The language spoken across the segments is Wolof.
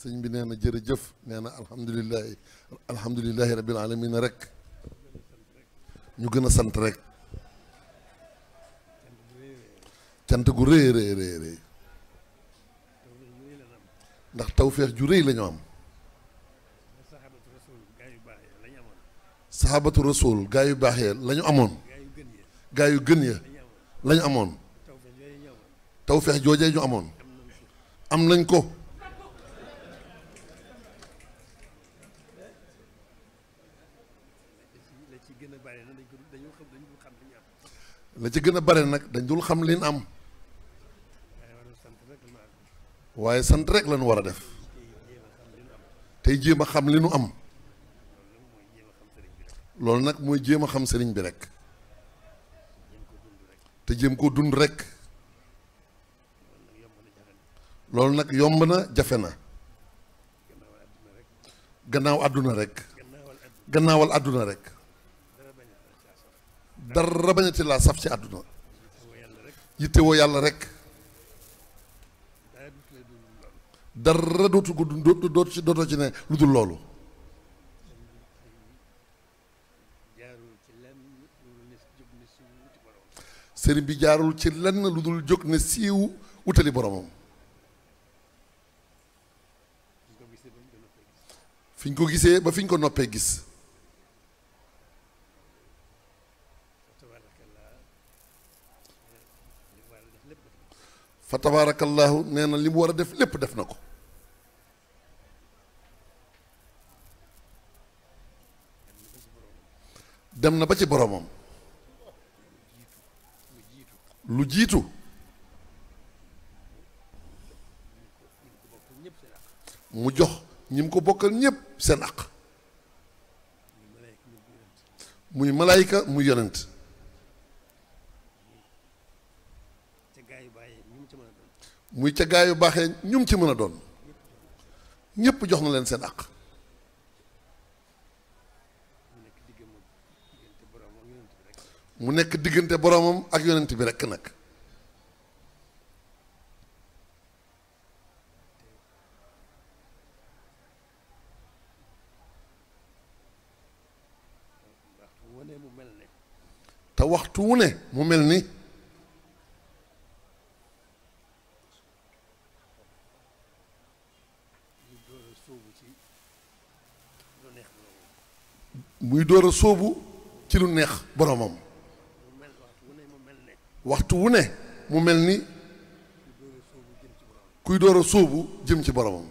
sëñ bi nee na jërëjëf nee na alhamdulilahi alhamdulilahi rabbil alamin rek ñu gën a sant rek cant gu rëy rëy rëy rëy ndax tawféex ju rëy la ñu am sahabatu rasul gaa yu baax ya la amoon gaa yu gën ya la amoon tawféex joojee ñu amoon am nañ ko la ci gën a bare nag dañ dul xam liñ am waaye sant rek lañu war a def tey jéem a xam li nu am loolu nag mooy jéem a xam sëriñ bi rek te jéem koo dund rek loolu nag yomb na jafe na gannaaw àdduna rek gannaawal àdduna rek dara bañati laa saf ci àdduna yittewoo yàlla rek dara dootu ko dootu dootu ci dootu ci ne lu dul loolu sëriñ bi jaarul ci lenn lu dul jóg ne siiw wutali boromam fi ñu ko gisee ba fi ñu ko noppee gis fa tabaarakallahu nee na li mu war a def lépp def na ko dem na ba ci boroomam lu jiitu mu jox ñi mu ko bokkal ñépp seen aq muy malaayika muy yonent muy ca gaa yu baaxe ñum ci mën a doon ñépp jox na leen seen àq mu nekk diggante boromam ak yonent bi rekk nag te waxtu wu ne mu mel ni muy door a sóobu ci lu neex boromam waxtu wu ne mu mel ni kuy door a sóobu jëm ci boromam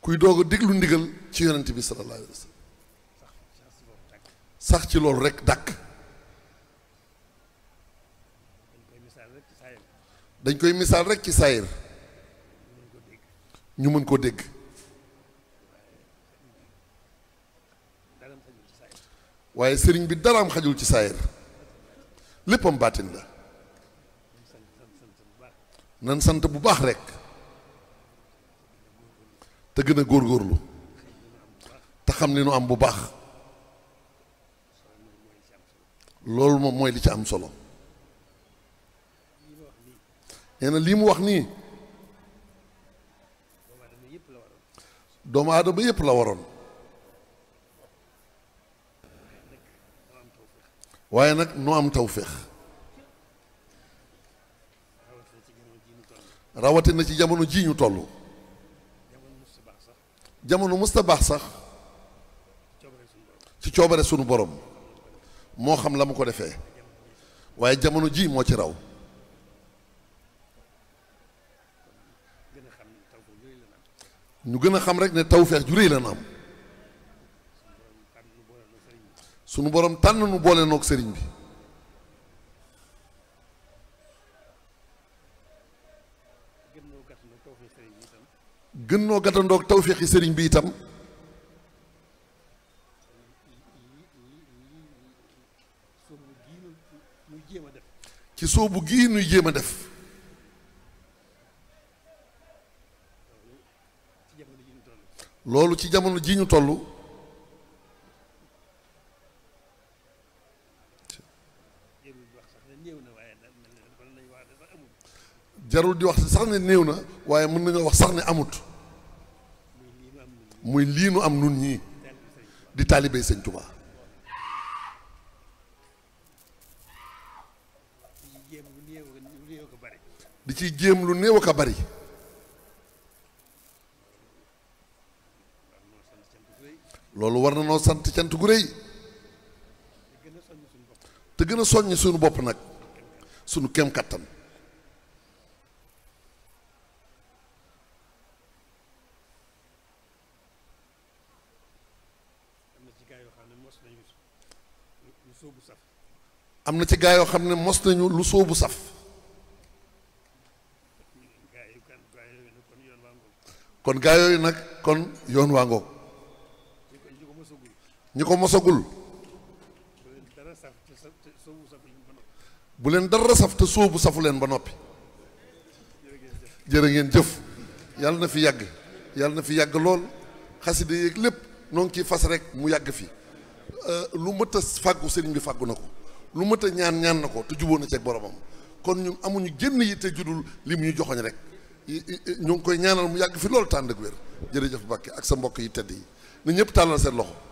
kuy doog a déglu ndigal ci yonent bi sallallahu alayhi wa sallam sax ci loolu rek dàkk dañ koy misaal rekk ci saayir ñu mën koo dégg waaye sëriñ bi daraam xajul ci saayir léppam baatin la nan sant bu baax rekk te gën a góorgóorlu te xam li nu am bu baax loolu moom mooy li ci am solo nee lii mu wax nii doomu aadama yépp la waroon waaye nag nu am tawféex rawatina ci jamono jii ñu toll jamono mustabaax baax sax ci coobare sunu boroom moo xam la mu ko defee waaye jamono jii moo ci raw ñu gën a xam rek ne tawfeex ju réy la na am sunu boroom tànn nu boole noog sëriñ bi gën noo gàttandoog tawféexi sëriñ bi itam ci soobu gii nuy jéem a def loolu ci jamono ji ñu toll jarul di wax sax ne néew na waaye mën nañoo wax sax ne amut muy lii nu am nun ñii di taalibey sëñ Tuubaa di ci jéem lu néew a bari loolu war na noo sant cant gu rëy te gën a soññ suñu bopp nag suñu kem kattan am na ci gaa yoo xam ne mos nañu lu sóobu saf kon gaa yooyu nag kon yoon waa ngoog ñu ko mosagul bu leen dara saf te sóobu safu leen ba noppi jërë ngeen jëf yàlla na fi yàgg yàlla na fi yàgg lool xasida yeeg lépp noo ngi ciy fas rek mu yàgg fi euh, lu mët a fàggu sëriñ bi fàggu na ko lu mët ñaan ñaan na ko te jubóo na ceeg boromam kon ñu amuñu génn yi te judul li mu ñu joxoñ rek ñu ngi koy ñaanal mu yàgg fi lool tànd ak wér jërëjëf Mbàkke ak sa mbokk yi tedd yi na ñëpp tàllal seen loxo